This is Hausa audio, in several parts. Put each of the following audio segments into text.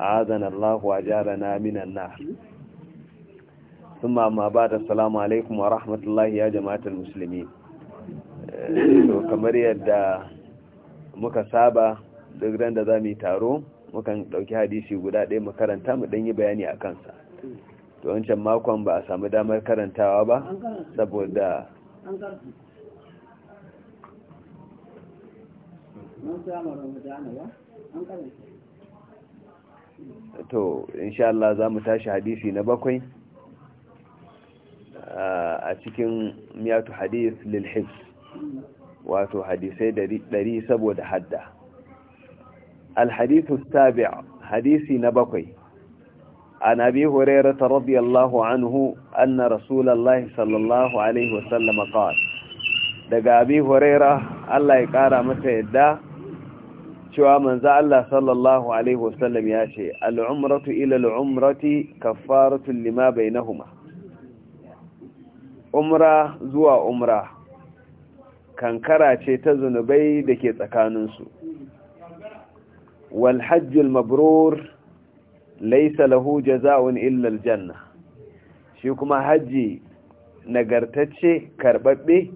azana Allah wa jarana minan nar thumma ma ba'da salamu alaikum wa rahmatullahi ya jama'atul musulmi. to kamar yadda muka saba duk ran da yi taro mukan ɗauki hadisi guda ɗaya mu karanta mu dan yi bayani a kansa to wancan makon ba a samu damar karantawa ba saboda an to insha Allah za mu tashi hadisi na bakwai a cikin miyatu hadis lil hifz wato hadisai dari saboda hadda al hadithu tabi' hadisi na bakwai عن أبي هريرة رضي الله عنه أن رسول الله صلى الله عليه وسلم قال دقى أبي هريرة الله يقارى مسيدا cewa manzo Allah sallallahu alaihi wasallam ya ce al'umratu ila al-umrati kaffaratu lima bainahuma umra zuwa umra kankara ce ta zunubai da ke tsakaninsu wal al mabrur laysa lahu jazaa'un illa aljanna shi kuma haji nagartacce karbabbe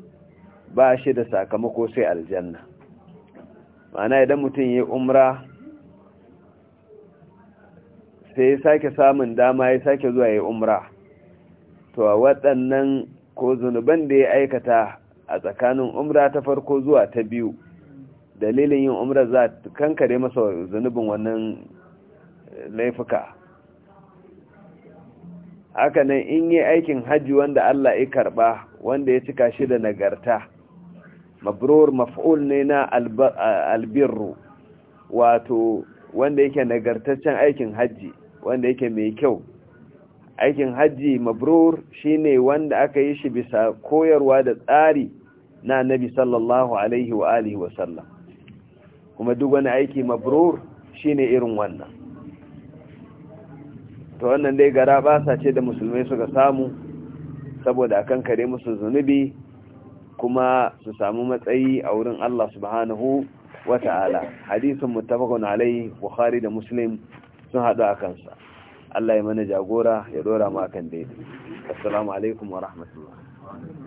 ba shi da sakamako sai aljanna ma'ana idan mutum ya umra sai ya sake samun dama ya sake zuwa ya umra to a waɗannan ko zunuban da ya aikata a tsakanin umra ta farko zuwa ta biyu dalilin yin umra za kankare masa zunubin wannan laifuka hakanan in yi aikin hajji wanda Allah ya karba wanda ya cika shi da nagarta mabrur maf'ul ne na albirru wato wanda yake nagartaccen aikin hajji wanda yake mai kyau aikin hajji mabrur shine wanda aka yi shi bisa koyarwa da tsari na nabi sallallahu alaihi wa alihi wa sallam kuma duk wani aiki mabrur shine irin wannan to wannan dai gara basa ce da musulmai suka samu saboda akan kare musu zunubi kuma su samu matsayi a wurin Allah subhanahu wa ta'ala hadisin muttafaqun alai bukhari da muslim sun haɗu a kansa Allah ya mana jagora ya dora mu akan daidai assalamu alaikum wa rahmatullahi